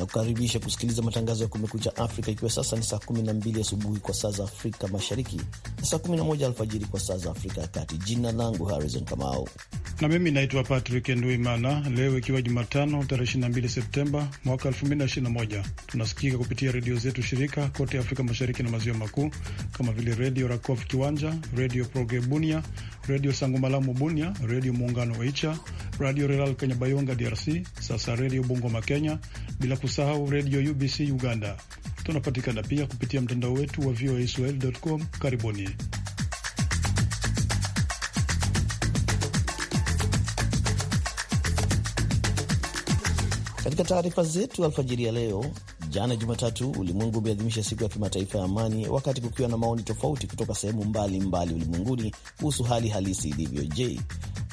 na kukaribisha kusikiliza matangazo ya Kumekucha Afrika, ikiwa sasa ni saa 12 asubuhi kwa saa za Afrika Mashariki na saa 11 alfajiri kwa saa za Afrika ya Kati. Jina langu Harrison Kamau na mimi naitwa Patrick Nduimana. Leo ikiwa Jumatano tarehe 22 Septemba mwaka 2021, tunasikika kupitia redio zetu shirika kote Afrika Mashariki na Maziwa Makuu kama vile Redio Rakov Kiwanja, Redio Bunia, Redio Sangomalamu Bunia, Redio Muungano Oicha, Radio Rural Kenya Bayonga DRC, sasa Redio Bungoma Kenya, bila kusahau Redio UBC Uganda. Tunapatikana pia kupitia mtandao wetu wa voaswahili.com. Karibuni. Katika taarifa zetu alfajiri ya leo, Jana Jumatatu, ulimwengu umeadhimisha siku ya kimataifa ya amani, wakati kukiwa na maoni tofauti kutoka sehemu mbalimbali ulimwenguni kuhusu hali halisi ilivyo. Je,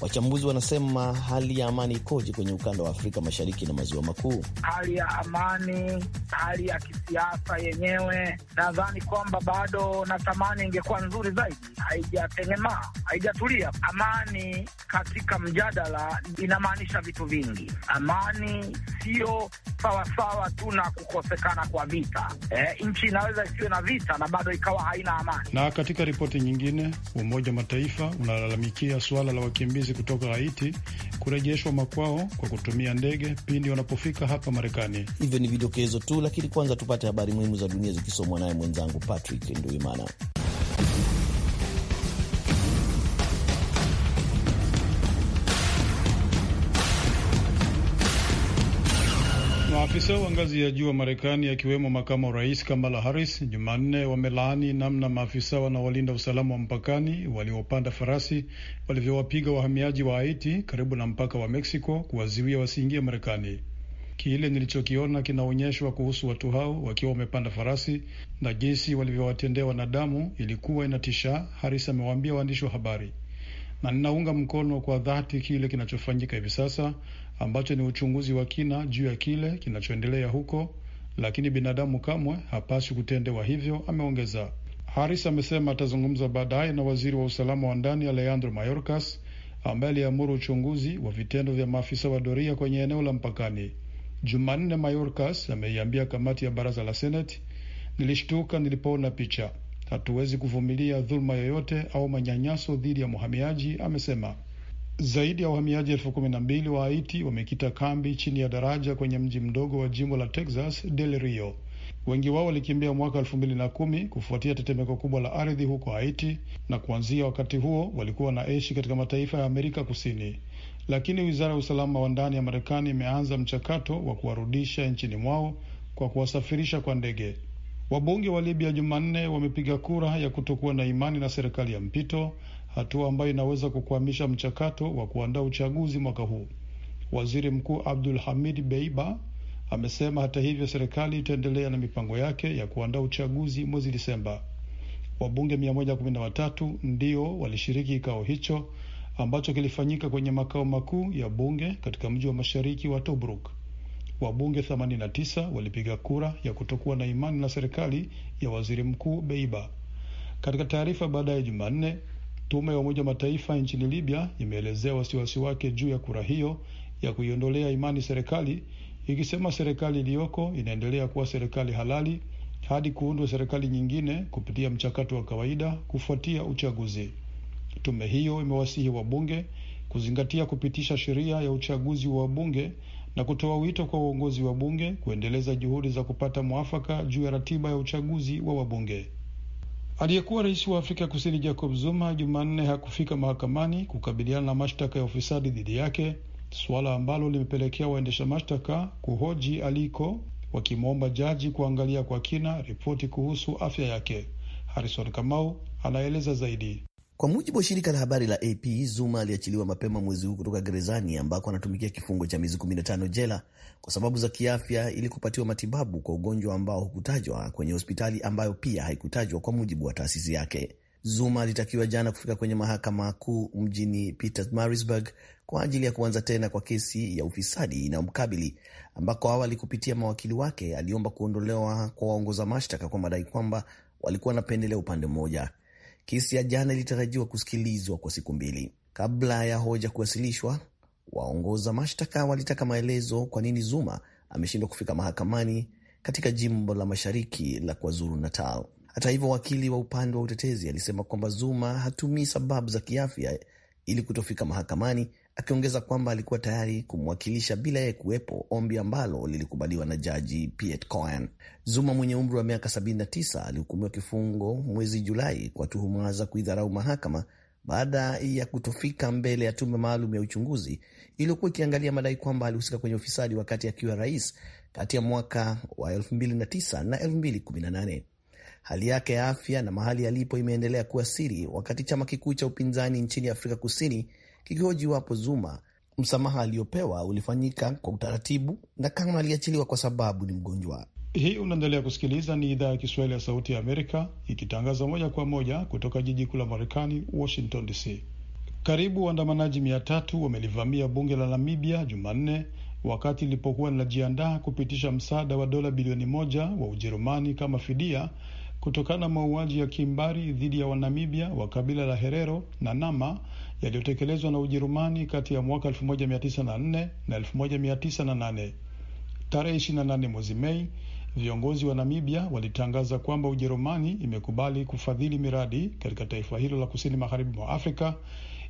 Wachambuzi wanasema hali ya amani ikoje kwenye ukanda wa Afrika Mashariki na maziwa makuu? Hali ya amani, hali ya kisiasa yenyewe, nadhani kwamba bado na thamani ingekuwa nzuri zaidi, haijatengemaa, haijatulia. Amani katika mjadala inamaanisha vitu vingi. Amani sio sawasawa tu na kukosekana kwa vita. E, nchi inaweza isiwe na vita na bado ikawa haina amani. Na katika ripoti nyingine, Umoja Mataifa unalalamikia suala la wakimbizi wakimbizi kutoka Haiti kurejeshwa makwao kwa kutumia ndege pindi wanapofika hapa Marekani. Hivyo ni vidokezo tu, lakini kwanza tupate habari muhimu za dunia zikisomwa naye mwenzangu Patrick Nduimana. Maafisa wa ngazi ya juu wa Marekani akiwemo makamu wa rais Kamala Harris Jumanne wamelaani namna maafisa wanaolinda usalama wa mpakani waliopanda farasi walivyowapiga wahamiaji wa Haiti karibu na mpaka wa Meksiko kuwaziwia wasiingie Marekani. Kile nilichokiona kinaonyeshwa kuhusu watu hao wakiwa wamepanda farasi na jinsi walivyowatendea wanadamu ilikuwa inatisha, Harris amewaambia waandishi wa habari, na ninaunga mkono kwa dhati kile kinachofanyika hivi sasa ambacho ni uchunguzi wa kina juu ya kile kinachoendelea huko, lakini binadamu kamwe hapaswi kutendewa hivyo, ameongeza. Haris amesema atazungumza baadaye na waziri wa usalama wa ndani Alejandro Mayorkas ambaye aliamuru uchunguzi wa vitendo vya maafisa wa doria kwenye eneo la mpakani. Jumanne, Mayorkas ameiambia kamati ya baraza la Seneti, nilishtuka nilipoona picha. Hatuwezi kuvumilia dhuluma yoyote au manyanyaso dhidi ya mhamiaji, amesema. Zaidi ya wahamiaji elfu kumi na mbili wa Haiti wamekita kambi chini ya daraja kwenye mji mdogo wa jimbo la Texas, Del Rio. Wengi wao walikimbia mwaka elfu mbili na kumi kufuatia tetemeko kubwa la ardhi huko Haiti, na kuanzia wakati huo walikuwa wanaishi katika mataifa ya Amerika Kusini, lakini wizara ya usalama wa ndani ya Marekani imeanza mchakato wa kuwarudisha nchini mwao kwa kuwasafirisha kwa ndege. Wabunge wa Libya Jumanne wamepiga kura ya kutokuwa na imani na serikali ya mpito hatua ambayo inaweza kukwamisha mchakato wa kuandaa uchaguzi mwaka huu. Waziri Mkuu Abdul Hamid Beiba amesema hata hivyo, serikali itaendelea na mipango yake ya kuandaa uchaguzi mwezi Disemba. Wabunge 113 ndio walishiriki kikao hicho ambacho kilifanyika kwenye makao makuu ya bunge katika mji wa mashariki wa Tobruk. Wabunge 89 walipiga kura ya kutokuwa na imani na serikali ya waziri mkuu Beiba. Katika taarifa baadaye Jumanne, Tume ya Umoja Mataifa nchini Libya imeelezea wasiwasi wake juu ya kura hiyo ya kuiondolea imani serikali, ikisema serikali iliyoko inaendelea kuwa serikali halali hadi kuundwa serikali nyingine kupitia mchakato wa kawaida kufuatia uchaguzi. Tume hiyo imewasihi wabunge kuzingatia kupitisha sheria ya uchaguzi wa bunge na kutoa wito kwa uongozi wa bunge kuendeleza juhudi za kupata mwafaka juu ya ratiba ya uchaguzi wa wabunge. Aliyekuwa rais wa Afrika Kusini Jacob Zuma Jumanne hakufika mahakamani kukabiliana na mashtaka ya ufisadi dhidi yake, suala ambalo limepelekea waendesha mashtaka kuhoji aliko, wakimwomba jaji kuangalia kwa kina ripoti kuhusu afya yake. Harison Kamau anaeleza zaidi. Kwa mujibu wa shirika la habari la AP, Zuma aliachiliwa mapema mwezi huu kutoka gerezani ambako anatumikia kifungo cha miezi 15 jela kwa sababu za kiafya ili kupatiwa matibabu kwa ugonjwa ambao hukutajwa kwenye hospitali ambayo pia haikutajwa kwa mujibu wa taasisi yake. Zuma alitakiwa jana kufika kwenye mahakama kuu mjini Pietermaritzburg kwa ajili ya kuanza tena kwa kesi ya ufisadi inayomkabili ambako awali kupitia mawakili wake aliomba kuondolewa kwa waongoza mashtaka kwa madai kwamba walikuwa wanapendelea upande mmoja. Kesi ya jana ilitarajiwa kusikilizwa kwa siku mbili. Kabla ya hoja kuwasilishwa, waongoza mashtaka walitaka maelezo kwa nini Zuma ameshindwa kufika mahakamani katika jimbo la mashariki la KwaZulu Natal. Hata hivyo, wakili wa upande wa utetezi alisema kwamba Zuma hatumii sababu za kiafya ili kutofika mahakamani akiongeza kwamba alikuwa tayari kumwakilisha bila yeye kuwepo, ombi ambalo lilikubaliwa na jaji Piet Cohen. Zuma mwenye umri wa miaka 79 alihukumiwa kifungo mwezi Julai kwa tuhuma za kuidharau mahakama baada ya kutofika mbele ya tume maalum ya uchunguzi iliyokuwa ikiangalia madai kwamba alihusika kwenye ufisadi wakati akiwa rais kati ya mwaka wa 2009 na 2018. Hali yake ya afya na mahali alipo imeendelea kuwa siri, wakati chama kikuu cha upinzani nchini Afrika Kusini kikihoji iwapo Zuma msamaha aliyopewa ulifanyika kwa utaratibu na kama aliachiliwa kwa sababu ni mgonjwa. Hii unaendelea kusikiliza, ni idhaa ya Kiswahili ya Sauti ya Amerika ikitangaza moja kwa moja kutoka jiji kuu la Marekani, Washington DC. Karibu waandamanaji mia tatu wamelivamia bunge la Namibia Jumanne wakati lilipokuwa linajiandaa kupitisha msaada wa dola bilioni moja wa Ujerumani kama fidia kutokana na mauaji ya kimbari dhidi ya Wanamibia wa kabila la Herero na Nama yaliyotekelezwa na Ujerumani kati ya mwaka 1904 na 1908. Tarehe 28 mwezi Mei, viongozi wa Namibia walitangaza kwamba Ujerumani imekubali kufadhili miradi katika taifa hilo la kusini magharibi mwa Afrika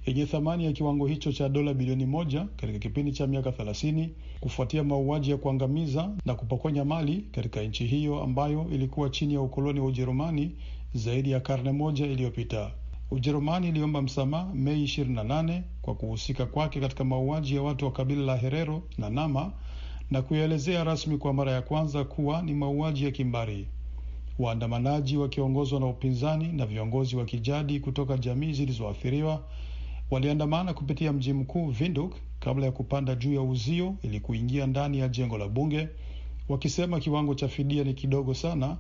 yenye thamani ya kiwango hicho cha dola bilioni moja katika kipindi cha miaka 30 kufuatia mauaji ya kuangamiza na kupokonya mali katika nchi hiyo ambayo ilikuwa chini ya ukoloni wa Ujerumani zaidi ya karne moja iliyopita. Ujerumani iliomba msamaha Mei 28 kwa kuhusika kwake katika mauaji ya watu wa kabila la Herero na Nama na kuyaelezea rasmi kwa mara ya kwanza kuwa ni mauaji ya kimbari. Waandamanaji wakiongozwa na upinzani na viongozi wa kijadi kutoka jamii zilizoathiriwa waliandamana kupitia mji mkuu vinduk kabla ya kupanda juu ya uzio ili kuingia ndani ya jengo la bunge, wakisema kiwango cha fidia ni kidogo sana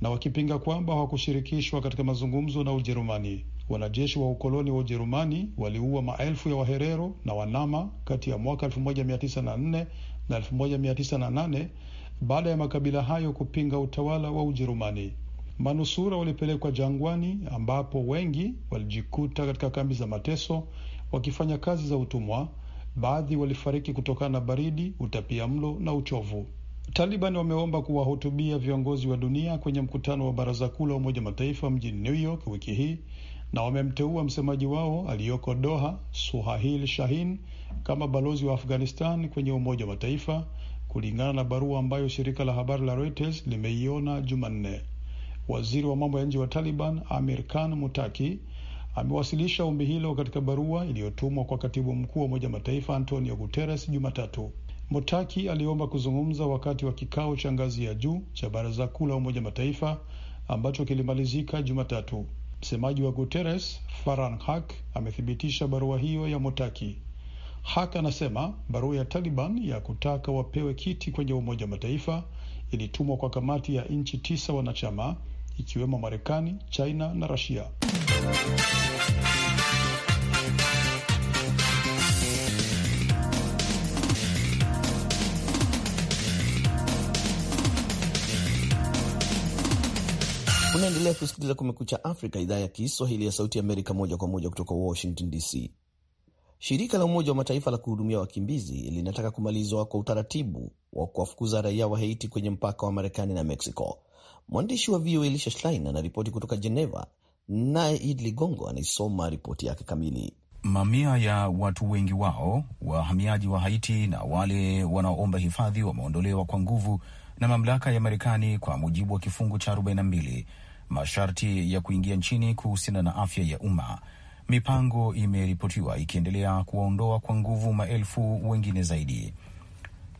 na wakipinga kwamba hawakushirikishwa katika mazungumzo na Ujerumani. Wanajeshi wa ukoloni wa Ujerumani waliua maelfu ya Waherero na Wanama kati ya mwaka 1904 na 1908 baada ya makabila hayo kupinga utawala wa Ujerumani. Manusura walipelekwa jangwani, ambapo wengi walijikuta katika kambi za mateso wakifanya kazi za utumwa. Baadhi walifariki kutokana na baridi, utapia mlo na uchovu. Taliban wameomba kuwahutubia viongozi wa dunia kwenye mkutano wa baraza kuu la Umoja Mataifa mjini New York wiki hii na wamemteua msemaji wao aliyoko Doha, Suhail Shahin, kama balozi wa Afghanistan kwenye Umoja wa Mataifa, kulingana na barua ambayo shirika la habari la Reuters limeiona Jumanne. Waziri wa mambo ya nje wa Taliban Amir Khan Mutaki amewasilisha ombi hilo katika barua iliyotumwa kwa katibu mkuu wa Umoja wa Mataifa Antonio Guterres Jumatatu. Mutaki aliomba kuzungumza wakati wa kikao cha ngazi ya juu cha Baraza Kuu la Umoja Mataifa ambacho kilimalizika Jumatatu. Msemaji wa Guterres faran Hak amethibitisha barua hiyo ya Motaki. Hak anasema barua ya Taliban ya kutaka wapewe kiti kwenye Umoja wa Mataifa ilitumwa kwa kamati ya nchi tisa wanachama ikiwemo Marekani, China na Rasia. Unaendelea kusikiliza Kumekucha Afrika, idhaa ya Kiswahili ya Sauti Amerika, moja kwa moja kutoka Washington DC. Shirika la Umoja wa Mataifa la kuhudumia wakimbizi linataka kumalizwa kwa utaratibu wa kuwafukuza raia wa Haiti kwenye mpaka wa Marekani na Mexico. Mwandishi wa VOA Lisha Schlein anaripoti kutoka Geneva, naye Id Ligongo anaisoma ripoti yake kamili. Mamia ya watu, wengi wao wahamiaji wa Haiti na wale wanaoomba hifadhi, wameondolewa kwa nguvu na mamlaka ya Marekani kwa mujibu wa kifungu cha masharti ya kuingia nchini kuhusiana na afya ya umma. Mipango imeripotiwa ikiendelea kuwaondoa kwa nguvu maelfu wengine zaidi.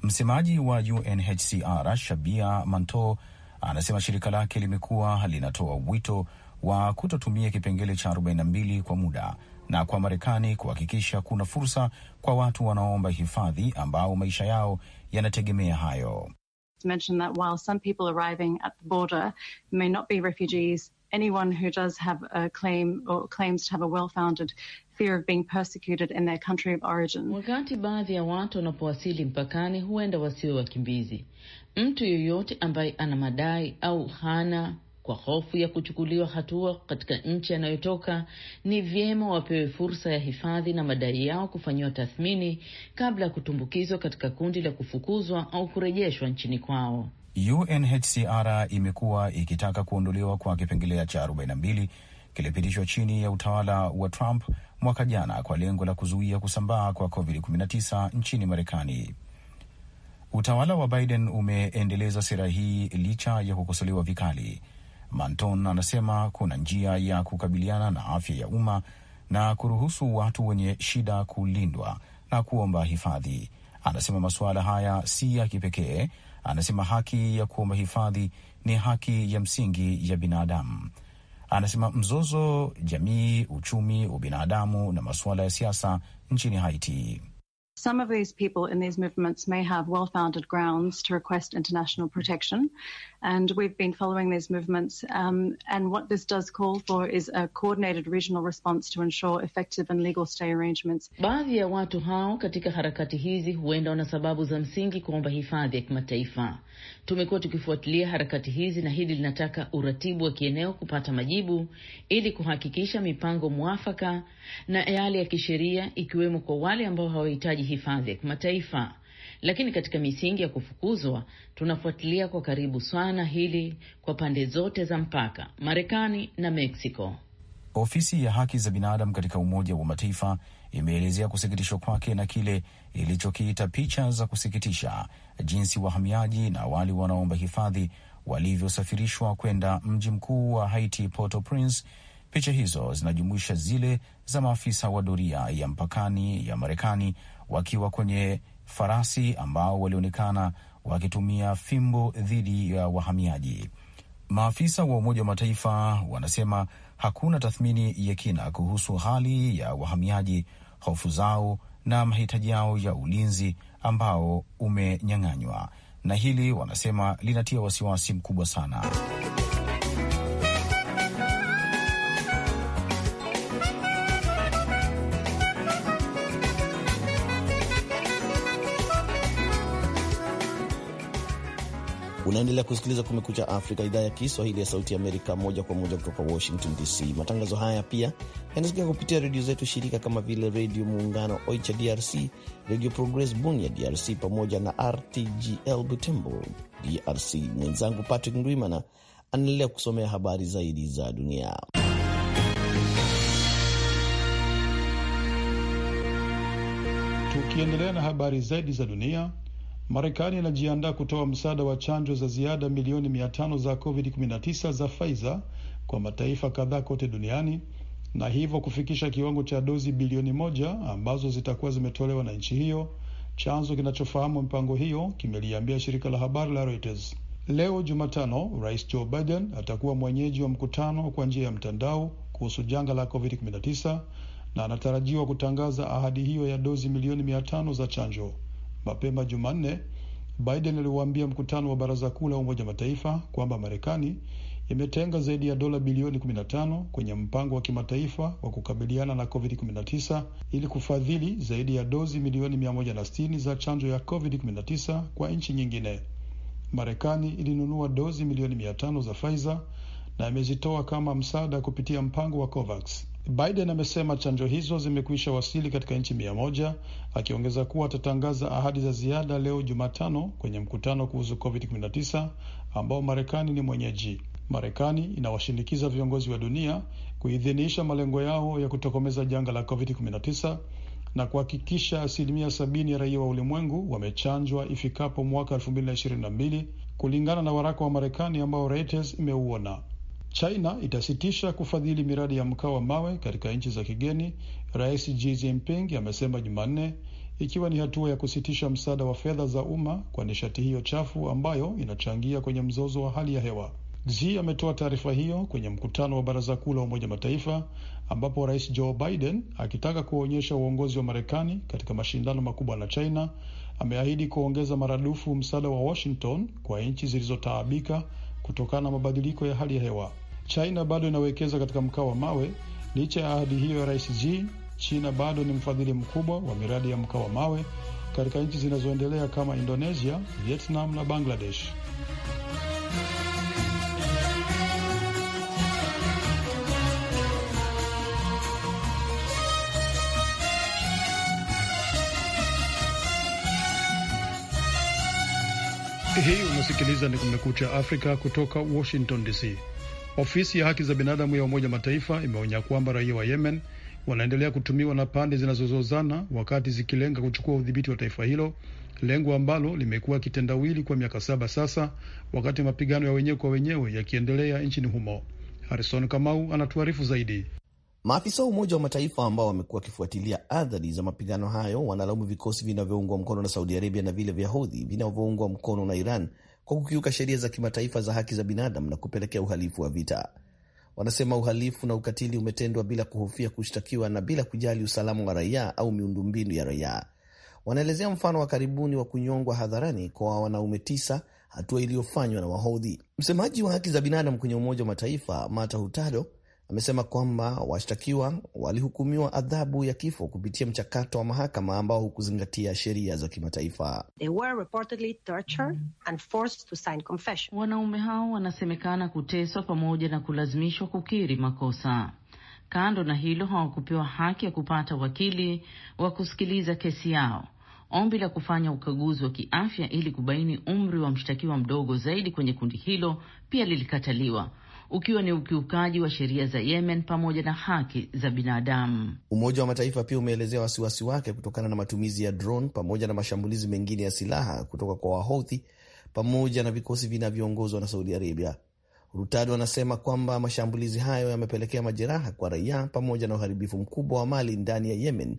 Msemaji wa UNHCR Shabia Manto anasema shirika lake limekuwa linatoa wito wa kutotumia kipengele cha 42 kwa muda na kwa Marekani kuhakikisha kuna fursa kwa watu wanaoomba hifadhi ambao maisha yao yanategemea hayo. to mention that while some people arriving at the border may not be refugees, anyone who does have a claim or claims to have a well-founded fear of being persecuted in their country of origin. Wakati baadhi ya watu wanapowasili mpakani huenda wasiwe wakimbizi. Mtu yoyote ambaye ana madai au hana kwa hofu ya kuchukuliwa hatua katika nchi anayotoka ni vyema wapewe fursa ya hifadhi na madai yao kufanyiwa tathmini kabla ya kutumbukizwa katika kundi la kufukuzwa au kurejeshwa nchini kwao. UNHCR imekuwa ikitaka kuondolewa kwa kipengele cha 42 kilipitishwa chini ya utawala wa Trump mwaka jana kwa lengo la kuzuia kusambaa kwa COVID-19 nchini Marekani. Utawala wa Biden umeendeleza sera hii licha ya kukosolewa vikali. Manton anasema kuna njia ya kukabiliana na afya ya umma na kuruhusu watu wenye shida kulindwa na kuomba hifadhi. Anasema masuala haya si ya kipekee. Anasema haki ya kuomba hifadhi ni haki ya msingi ya binadamu. Anasema mzozo jamii, uchumi, ubinadamu na masuala ya siasa nchini Haiti Some of these people in these movements may have well-founded grounds to request international protection. And we've been following these movements. Um, and what this does call for is a coordinated regional response to ensure effective and legal stay arrangements. Baadhi ya watu hao katika harakati hizi huenda wana sababu za msingi kuomba hifadhi ya kimataifa. Tumekuwa tukifuatilia harakati hizi na hili linataka uratibu wa kieneo kupata majibu ili kuhakikisha mipango mwafaka na yale ya kisheria ikiwemo kwa wale ambao hawahitaji hifadhi ya kimataifa. lakini katika misingi ya kufukuzwa, tunafuatilia kwa karibu sana hili kwa pande zote za mpaka, Marekani na Meksiko. Ofisi ya haki za binadamu katika Umoja wa Mataifa imeelezea kusikitishwa kwake na kile ilichokiita picha za kusikitisha, jinsi wahamiaji na wale wanaomba hifadhi walivyosafirishwa kwenda mji mkuu wa Haiti, Port-au-Prince. Picha hizo zinajumuisha zile za maafisa wa doria ya mpakani ya Marekani wakiwa kwenye farasi ambao walionekana wakitumia fimbo dhidi ya wahamiaji. Maafisa wa Umoja wa Mataifa wanasema hakuna tathmini ya kina kuhusu hali ya wahamiaji, hofu zao na mahitaji yao ya ulinzi ambao umenyang'anywa, na hili wanasema linatia wasiwasi mkubwa sana. Unaendelea kusikiliza Kumekucha Afrika, idhaa ya Kiswahili ya Sauti Amerika, moja kwa moja kutoka Washington DC. Matangazo haya pia yanasikika kupitia redio zetu shirika kama vile Redio Muungano Oicha DRC, Redio Progress Bunia DRC, pamoja na RTGL Butembo DRC. Mwenzangu Patrick Ndwimana anaendelea kusomea habari zaidi za dunia. Tukiendelea na habari zaidi za dunia Marekani inajiandaa kutoa msaada wa chanjo za ziada milioni mia tano za COVID-19 za Pfizer kwa mataifa kadhaa kote duniani na hivyo kufikisha kiwango cha dozi bilioni moja ambazo zitakuwa zimetolewa na nchi hiyo. Chanzo kinachofahamu mpango hiyo kimeliambia shirika la habari la Reuters. Leo Jumatano, Rais Joe Biden atakuwa mwenyeji wa mkutano kwa njia ya mtandao kuhusu janga la COVID-19 na anatarajiwa kutangaza ahadi hiyo ya dozi milioni mia tano za chanjo. Mapema Jumanne, Biden aliwaambia mkutano wa baraza kuu la Umoja Mataifa kwamba Marekani imetenga zaidi ya dola bilioni 15 kwenye mpango wa kimataifa wa kukabiliana na COVID-19 ili kufadhili zaidi ya dozi milioni 160 za chanjo ya COVID-19 kwa nchi nyingine. Marekani ilinunua dozi milioni 500 za Pfizer na imezitoa kama msaada kupitia mpango wa COVAX. Biden amesema chanjo hizo zimekwisha wasili katika nchi mia moja, akiongeza kuwa atatangaza ahadi za ziada leo Jumatano kwenye mkutano kuhusu COVID-19 ambao Marekani ni mwenyeji. Marekani inawashinikiza viongozi wa dunia kuidhinisha malengo yao ya kutokomeza janga la COVID-19 na kuhakikisha asilimia sabini ya raia wa ulimwengu wamechanjwa ifikapo mwaka 2022 kulingana na waraka wa Marekani ambao Reuters imeuona. China itasitisha kufadhili miradi ya mkaa wa mawe katika nchi za kigeni, Rais Xi Jinping amesema Jumanne, ikiwa ni hatua ya kusitisha msaada wa fedha za umma kwa nishati hiyo chafu ambayo inachangia kwenye mzozo wa hali ya hewa. Xi ametoa taarifa hiyo kwenye mkutano wa Baraza Kuu la Umoja Mataifa ambapo Rais Joe Biden akitaka kuonyesha uongozi wa Marekani katika mashindano makubwa na China ameahidi kuongeza maradufu msaada wa Washington kwa nchi zilizotaabika kutokana na mabadiliko ya hali ya hewa. China bado inawekeza katika mkaa wa mawe licha ya ahadi hiyo ya Rais Xi. China bado ni mfadhili mkubwa wa miradi ya mkaa wa mawe katika nchi zinazoendelea kama Indonesia, Vietnam na Bangladesh. Hii unasikiliza ni Kumekucha Afrika kutoka Washington DC. Ofisi ya haki za binadamu ya Umoja Mataifa imeonya kwamba raia wa Yemen wanaendelea kutumiwa na pande zinazozozana wakati zikilenga kuchukua udhibiti wa taifa hilo, lengo ambalo limekuwa kitendawili kwa miaka saba sasa, wakati mapigano ya wenyewe kwa wenyewe yakiendelea nchini humo. Harison Kamau anatuarifu zaidi. Maafisa wa Umoja wa Mataifa ambao wamekuwa wakifuatilia athari za mapigano hayo wanalaumu vikosi vinavyoungwa mkono na Saudi Arabia na vile vya Hodhi vinavyoungwa mkono na Iran kwa kukiuka sheria za kimataifa za haki za binadamu na kupelekea uhalifu wa vita. Wanasema uhalifu na ukatili umetendwa bila kuhofia kushtakiwa na bila kujali usalama wa raia au miundombinu ya raia. Wanaelezea mfano wa karibuni wa kunyongwa hadharani kwa wanaume tisa, hatua iliyofanywa na Wahodhi. Msemaji wa haki za binadamu kwenye Umoja wa Mataifa Mata Hutalo amesema kwamba washtakiwa walihukumiwa adhabu ya kifo kupitia mchakato wa mahakama ambao hukuzingatia sheria za kimataifa. Wanaume hao wanasemekana kuteswa pamoja na kulazimishwa kukiri makosa. Kando na hilo, hawakupewa haki ya kupata wakili wa kusikiliza kesi yao. Ombi la kufanya ukaguzi wa kiafya ili kubaini umri wa mshtakiwa mdogo zaidi kwenye kundi hilo pia lilikataliwa ukiwa ni ukiukaji wa sheria za Yemen pamoja na haki za binadamu. Umoja wa Mataifa pia umeelezea wasiwasi wake kutokana na matumizi ya drone pamoja na mashambulizi mengine ya silaha kutoka kwa Wahouthi pamoja na vikosi vinavyoongozwa na Saudi Arabia. Rutad anasema kwamba mashambulizi hayo yamepelekea majeraha kwa raia pamoja na uharibifu mkubwa wa mali ndani ya Yemen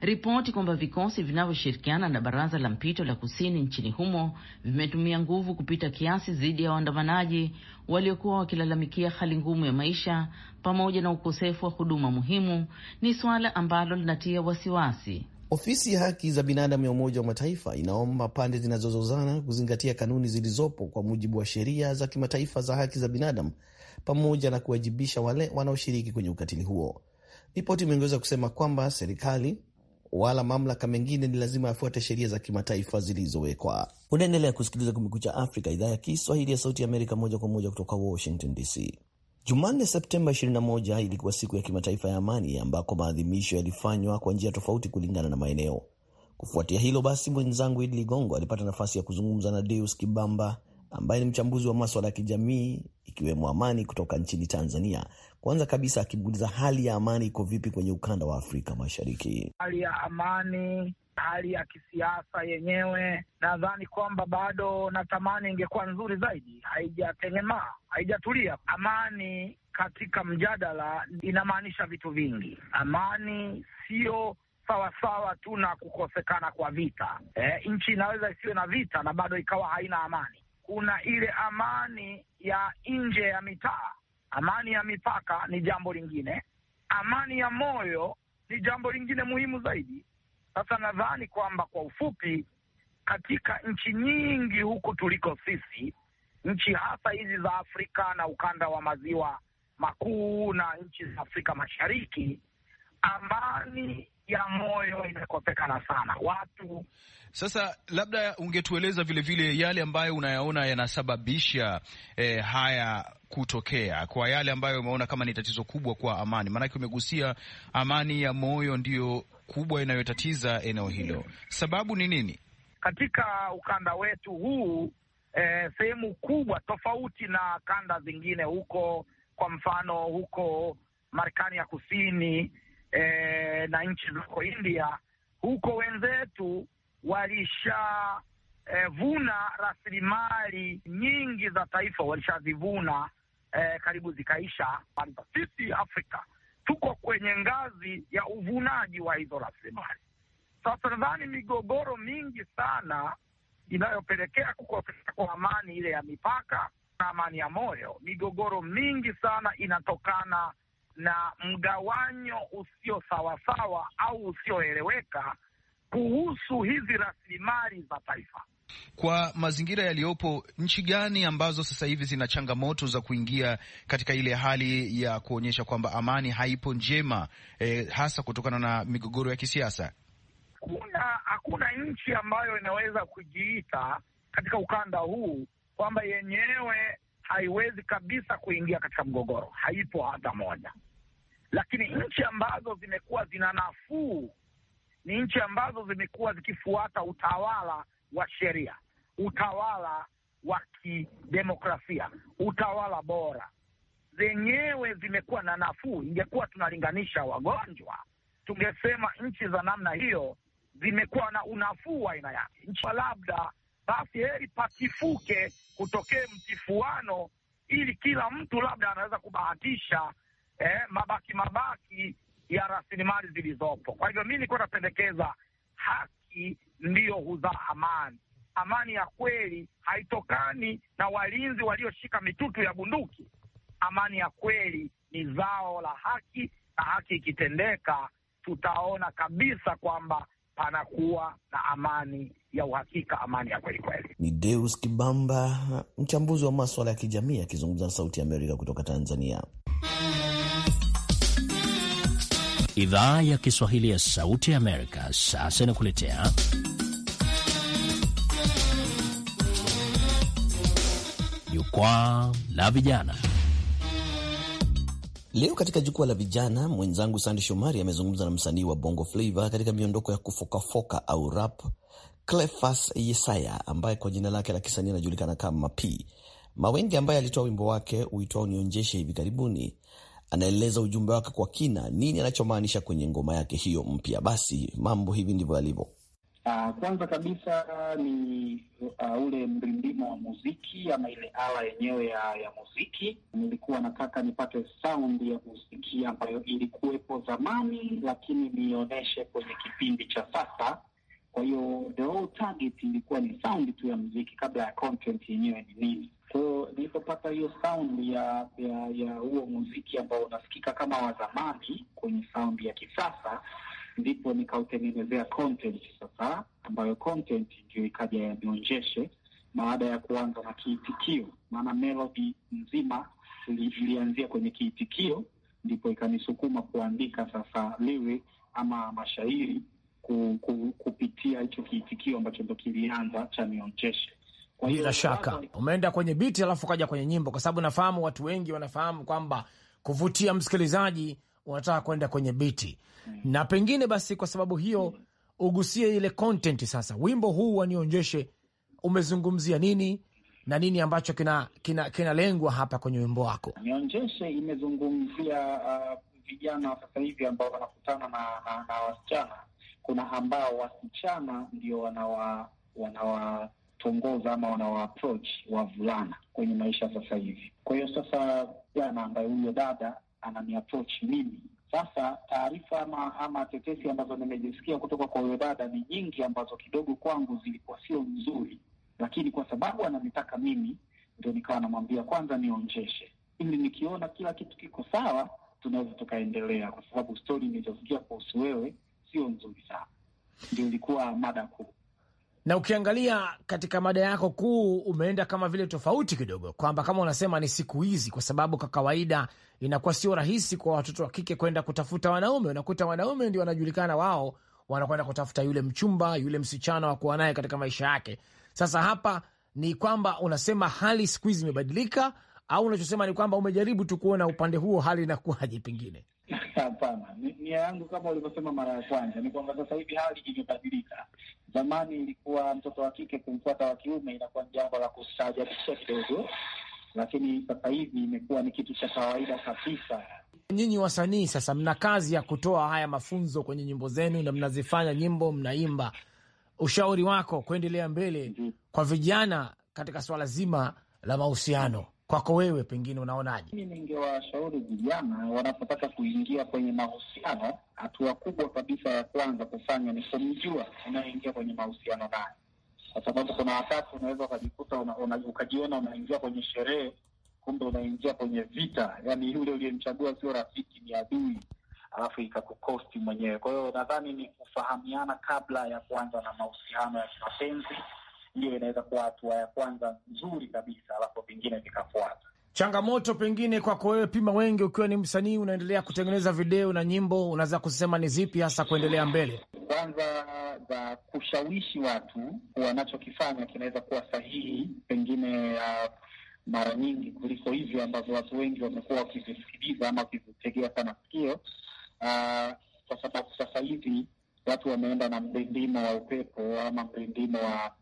ripoti kwamba vikosi vinavyoshirikiana na baraza la mpito la kusini nchini humo vimetumia nguvu kupita kiasi dhidi ya waandamanaji waliokuwa wakilalamikia hali ngumu ya maisha pamoja na ukosefu wa huduma muhimu, ni suala ambalo linatia wasiwasi. Ofisi ya haki za binadamu ya Umoja wa Mataifa inaomba pande zinazozozana kuzingatia kanuni zilizopo kwa mujibu wa sheria za kimataifa za haki za binadamu pamoja na kuwajibisha wale wanaoshiriki kwenye ukatili huo. Ripoti imeongeza kusema kwamba serikali wala mamlaka mengine ni lazima yafuate sheria za kimataifa zilizowekwa. Unaendelea kusikiliza Kumekucha Afrika, idhaa ya Kiswahili ya Sauti ya Amerika, moja kwa moja kutoka Washington DC. Jumanne, Septemba 21 ilikuwa siku ya kimataifa ya amani, ambako maadhimisho yalifanywa kwa njia tofauti kulingana na maeneo. Kufuatia hilo basi, mwenzangu Idi Ligongo alipata nafasi ya kuzungumza na Deus Kibamba ambaye ni mchambuzi wa maswala ya kijamii ikiwemo amani kutoka nchini Tanzania. Kwanza kabisa akimuuliza hali ya amani iko vipi kwenye ukanda wa Afrika Mashariki. Hali ya amani, hali ya kisiasa yenyewe, nadhani kwamba bado natamani ingekuwa nzuri zaidi, haijatengemaa, haijatulia. Amani katika mjadala inamaanisha vitu vingi. Amani sio sawasawa tu na kukosekana kwa vita. E, nchi inaweza isiwe na vita na bado ikawa haina amani kuna ile amani ya nje ya mitaa. Amani ya mipaka ni jambo lingine, amani ya moyo ni jambo lingine muhimu zaidi. Sasa nadhani kwamba kwa ufupi, katika nchi nyingi huku tuliko sisi, nchi hasa hizi za Afrika na ukanda wa maziwa makuu na nchi za Afrika Mashariki, amani ya moyo inakosekana sana watu. Sasa labda ungetueleza vilevile yale ambayo unayaona yanasababisha eh, haya kutokea kwa yale ambayo umeona kama ni tatizo kubwa kwa amani, maanake umegusia amani ya moyo ndiyo kubwa inayotatiza eneo hilo. Sababu ni nini katika ukanda wetu huu? Eh, sehemu kubwa tofauti na kanda zingine huko, kwa mfano huko Marekani ya Kusini e, na nchi zako India, huko wenzetu walishavuna eh, e, rasilimali nyingi za taifa walishazivuna, e, karibu zikaisha. Sisi Afrika tuko kwenye ngazi ya uvunaji wa hizo rasilimali. Sasa nadhani migogoro mingi sana inayopelekea kukoseka kwa amani ile ya mipaka na amani ya moyo, migogoro mingi sana inatokana na mgawanyo usio sawasawa au usioeleweka kuhusu hizi rasilimali za taifa. Kwa mazingira yaliyopo, nchi gani ambazo sasa hivi zina changamoto za kuingia katika ile hali ya kuonyesha kwamba amani haipo njema, eh, hasa kutokana na migogoro ya kisiasa? Kuna hakuna nchi ambayo inaweza kujiita katika ukanda huu kwamba yenyewe haiwezi kabisa kuingia katika mgogoro, haipo hata moja. Lakini nchi ambazo zimekuwa zina nafuu ni nchi ambazo zimekuwa zikifuata utawala wa sheria, utawala wa kidemokrasia, utawala bora, zenyewe zimekuwa na nafuu. Ingekuwa tunalinganisha wagonjwa, tungesema nchi za namna hiyo zimekuwa na unafuu wa aina yake. Nchi labda basi heri pakifuke kutokee mtifuano, ili kila mtu labda anaweza kubahatisha eh, mabaki mabaki ya rasilimali zilizopo. Kwa hivyo mi nilikuwa napendekeza haki ndiyo huzaa amani. Amani ya kweli haitokani na walinzi walioshika mitutu ya bunduki. Amani ya kweli ni zao la haki, na haki ikitendeka, tutaona kabisa kwamba panakuwa na amani ya uhakika, amani ya kweli kweli. Ni Deus Kibamba, mchambuzi wa maswala ya kijamii, akizungumza na Sauti ya Amerika kutoka Tanzania. Idhaa ya Kiswahili ya Sauti ya Amerika sasa inakuletea jukwaa la vijana. Leo katika jukwaa la vijana, mwenzangu Sandi Shomari amezungumza na msanii wa Bongo Flava katika miondoko ya kufokafoka au rap, Clefas Yesaya ambaye kwa jina lake la kisanii anajulikana kama P Mawenge, ambaye alitoa wimbo wake uitwao Nionjeshe hivi karibuni. Anaeleza ujumbe wake kwa kina, nini anachomaanisha kwenye ngoma yake hiyo mpya. Basi mambo hivi ndivyo yalivyo. Uh, kwanza kabisa ni uh, ule mrindimo wa muziki ama ile ala yenyewe ya, ya muziki. Nilikuwa nataka nipate saundi ya muziki ambayo ilikuwepo zamani, lakini nionyeshe kwenye kipindi cha sasa. Kwa hiyo the whole target ilikuwa ni sound tu ya muziki kabla ya content yenyewe ni nini. So nilipopata hiyo saundi ya ya huo muziki ambao unasikika kama wa zamani kwenye saundi ya kisasa ndipo nikautengenezea content sasa, ambayo content ndio ikaja yanionjeshe baada ya kuanza na kiitikio, maana melodi nzima ilianzia kwenye kiitikio, ndipo ikanisukuma kuandika sasa liwe ama mashairi ku, ku, kupitia hicho kiitikio ambacho ndo kilianza cha nionjeshe. Bila shaka umeenda kwenye biti alafu ukaja kwenye nyimbo, kwa sababu nafahamu watu wengi wanafahamu kwamba kuvutia msikilizaji unataka kwenda kwenye biti mm. na pengine basi kwa sababu hiyo mm. ugusie ile content. Sasa wimbo huu wanionjeshe umezungumzia nini na nini ambacho kinalengwa kina, kina hapa kwenye wimbo wako nionjeshe. Imezungumzia uh, vijana sasa hivi ambao wanakutana na, na, na wasichana. Kuna ambao wasichana ndio wanawa wanawatongoza ama wanawaapproach wavulana kwenye maisha sasa hivi. Kwa hiyo sasa, jana ambaye huyo dada ananiapproach mimi. Sasa taarifa ama, ama tetesi ambazo nimejisikia kutoka kwa dada ni nyingi ambazo kidogo kwangu zilikuwa sio nzuri, lakini kwa sababu ananitaka mimi, ndio nikawa namwambia kwanza nionjeshe, ili nikiona kila kitu kiko sawa tunaweza tukaendelea, kwa sababu stori nilizosikia kuhusu wewe sio nzuri sana. Ndio ilikuwa mada kuu na ukiangalia katika mada yako kuu umeenda kama vile tofauti kidogo, kwamba kama unasema ni siku hizi, kwa sababu kwa kawaida inakuwa sio rahisi kwa watoto wa kike kwenda kutafuta wanaume. Unakuta wanaume ndio wanajulikana, wao wanakwenda kutafuta yule mchumba, yule msichana wa kuwa naye katika maisha yake. Sasa hapa ni kwamba unasema hali siku hizi imebadilika, au unachosema ni kwamba umejaribu tu kuona upande huo hali inakuwaje pengine Hapana, nia yangu kama ulivyosema mara ya kwanza ni kwamba sasa hivi hali imebadilika. Zamani ilikuwa mtoto wa kike kumfuata wa kiume inakuwa ni jambo la kustaajabisha kidogo, lakini sasa hivi imekuwa ni kitu cha kawaida kabisa. Nyinyi wasanii sasa mna kazi ya kutoa haya mafunzo kwenye nyimbo zenu, na mnazifanya nyimbo, mnaimba. Ushauri wako kuendelea mbele kwa vijana katika swala zima la mahusiano mm -hmm. Kwako wewe pengine unaonaje? Mimi ningewashauri vijana wanapotaka kuingia kwenye mahusiano, hatua kubwa kabisa ya kwanza kufanya ni kumjua unayoingia kwenye mahusiano naye, kwa sababu kuna wakati unaweza ukajikuta ukajiona unaingia kwenye sherehe, kumbe unaingia kwenye vita. Yani yule uliyemchagua sio rafiki, ni adui, alafu ikakukosti mwenyewe. Kwa hiyo nadhani ni kufahamiana kabla ya kuanza na mahusiano ya kimapenzi hiyo inaweza kuwa hatua ya kwanza nzuri kabisa, alafu vingine vikafuata. Changamoto pengine kwako wewe Pima Wengi, ukiwa ni msanii unaendelea kutengeneza video na nyimbo, unaweza kusema ni zipi hasa kuendelea mbele? Kwanza za kushawishi watu wanachokifanya kinaweza kuwa sahihi, pengine uh, mara nyingi kuliko hivyo ambavyo watu wengi wamekuwa wakivisikiliza ama wakivitegea sana sikio, uh, kwa sababu sasa hivi watu wameenda na mrindimo wa upepo ama mrindimo wa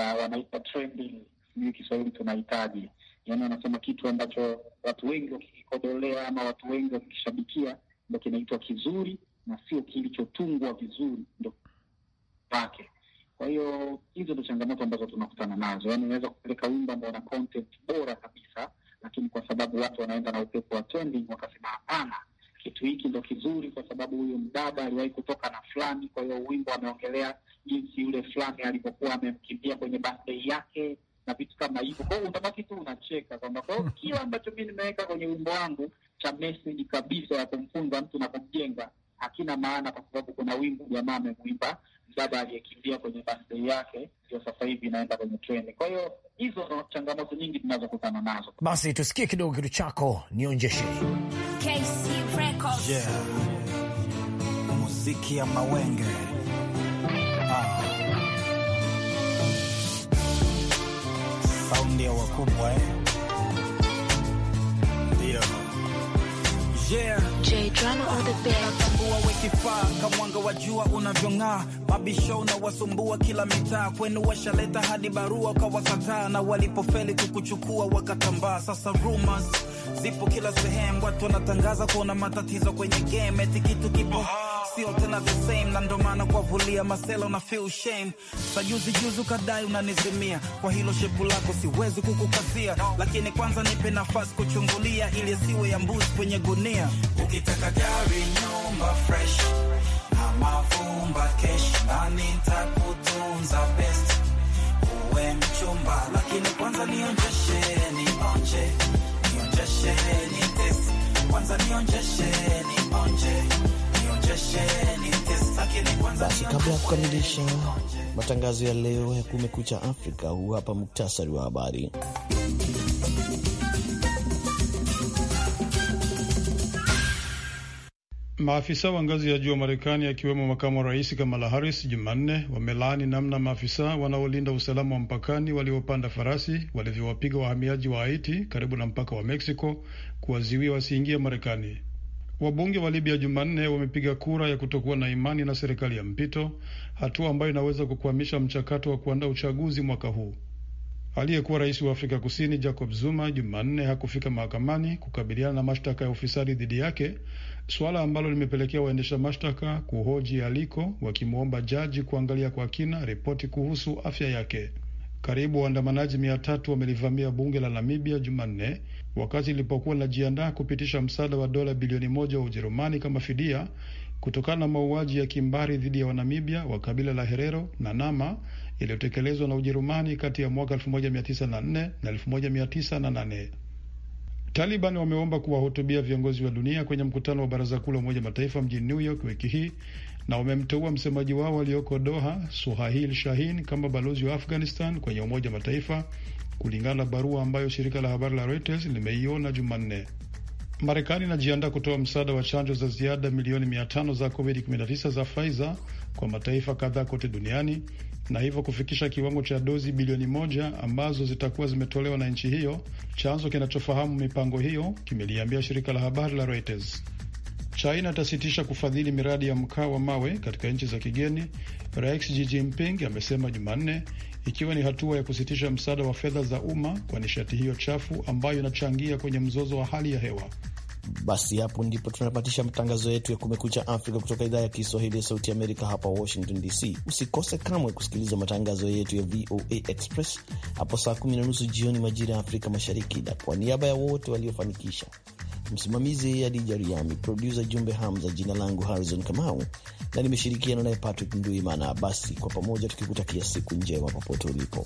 wanaita trending, sijui Kiswahili tunahitaji, yaani wanasema kitu ambacho watu wengi wakikikodolea ama watu wengi wakikishabikia ndo kinaitwa kizuri na sio kilichotungwa vizuri ndo pake. Kwa hiyo hizo ndo changamoto ambazo tunakutana nazo, yaani unaweza kupeleka wimbo ambao una content bora kabisa, lakini kwa sababu watu wanaenda na upepo wa trending, wakasema hapana, kitu hiki ndo kizuri, kwa sababu huyu mdada aliwahi kutoka na fulani, kwa hiyo wimbo ameongelea jinsi yule fulani alivyokuwa amemkimbia kwenye birthday yake na vitu kama hivyo. Kwa hiyo utabaki tu unacheka kwamba, kwa hiyo kile ambacho mi nimeweka kwenye wimbo wangu cha meseji kabisa ya kumfunza mtu na kumjenga hakina maana, kwa sababu kuna wimbo jamaa amemwimba mdada aliyekimbia kwenye birthday yake, ndio sasa hivi inaenda kwenye treni. Kwa hiyo hizo ndo changamoto nyingi tunazokutana nazo. Basi tusikie kidogo kitu chako nionjeshe muziki ya mawenge paundi ya wakubwa eh? Yeah. Natambua kamwanga wa jua unavyong'aa, mabisho na wasumbua kila mitaa kwenu, washaleta hadi barua kawakataa, na walipofeli kukuchukua wakatambaa. Sasa rumors zipo kila sehemu, watu wanatangaza kuona matatizo kwenye game, eti kitu kipo sio tena the same, na ndo maana kwa vulia masela una feel shame. Sajuzi juzi ukadai unanizimia kwa hilo shepu lako, siwezi kukukasia, lakini kwanza nipe nafasi kuchungulia, ili siwe ya mbuzi kwenye gunia. Ukitaka gari, nyumba fresh na mavumba cash, na nitakutunza best, uwe mchumba, lakini kwanza nionjeshe, nionje basi kabla ya kukamilisha matangazo ya leo ya Kumekucha Afrika, huu hapa muktasari wa habari. Maafisa wa ngazi ya juu wa Marekani akiwemo makamu wa rais Kamala Harris Jumanne wamelaani namna maafisa wanaolinda usalama wa mpakani waliopanda farasi walivyowapiga wahamiaji wa Haiti karibu na mpaka wa Meksiko kuwaziwia wasiingie Marekani. Wabunge wa Libya Jumanne wamepiga kura ya kutokuwa na imani na serikali ya mpito, hatua ambayo inaweza kukwamisha mchakato wa kuandaa uchaguzi mwaka huu. Aliyekuwa rais wa Afrika Kusini Jacob Zuma Jumanne hakufika mahakamani kukabiliana na mashtaka ya ufisadi dhidi yake, suala ambalo limepelekea waendesha mashtaka kuhoji aliko, wakimwomba jaji kuangalia kwa kina ripoti kuhusu afya yake. Karibu waandamanaji mia tatu wamelivamia bunge la Namibia Jumanne wakati lilipokuwa linajiandaa kupitisha msaada wa dola bilioni moja wa Ujerumani kama fidia kutokana na mauaji ya kimbari dhidi ya Wanamibia wa kabila la Herero na Nama yaliyotekelezwa na Ujerumani kati ya mwaka 1904 na 1908. Taliban wameomba kuwahutubia viongozi wa dunia kwenye mkutano wa baraza kuu la Umoja Mataifa mjini New York wiki hii na wamemteua msemaji wao walioko Doha, Suhail Shahin, kama balozi wa Afghanistan kwenye Umoja Mataifa, kulingana na barua ambayo shirika la habari la Reuters limeiona Jumanne. Marekani inajiandaa kutoa msaada wa chanjo za ziada milioni 500 za COVID-19 za Pfizer kwa mataifa kadhaa kote duniani na hivyo kufikisha kiwango cha dozi bilioni moja ambazo zitakuwa zimetolewa na nchi hiyo. Chanzo kinachofahamu mipango hiyo kimeliambia shirika la habari la Reuters. China itasitisha kufadhili miradi ya mkaa wa mawe katika nchi za kigeni, Rais Xi Jinping amesema Jumanne, ikiwa ni hatua ya kusitisha msaada wa fedha za umma kwa nishati hiyo chafu ambayo inachangia kwenye mzozo wa hali ya hewa. Basi hapo ndipo tunapatisha matangazo yetu ya Kumekucha Afrika kutoka idhaa ya Kiswahili ya Sauti Amerika hapa Washington DC. Usikose kamwe kusikiliza matangazo yetu ya VOA Express hapo saa kumi na nusu jioni majira ya Afrika Mashariki. Na kwa niaba ya wote waliofanikisha, msimamizi Adija Riami, produsa Jumbe Hamza, jina langu Harrison Kamau na nimeshirikiana naye Patrick Nduimana. Basi kwa pamoja tukikutakia siku njema popote ulipo.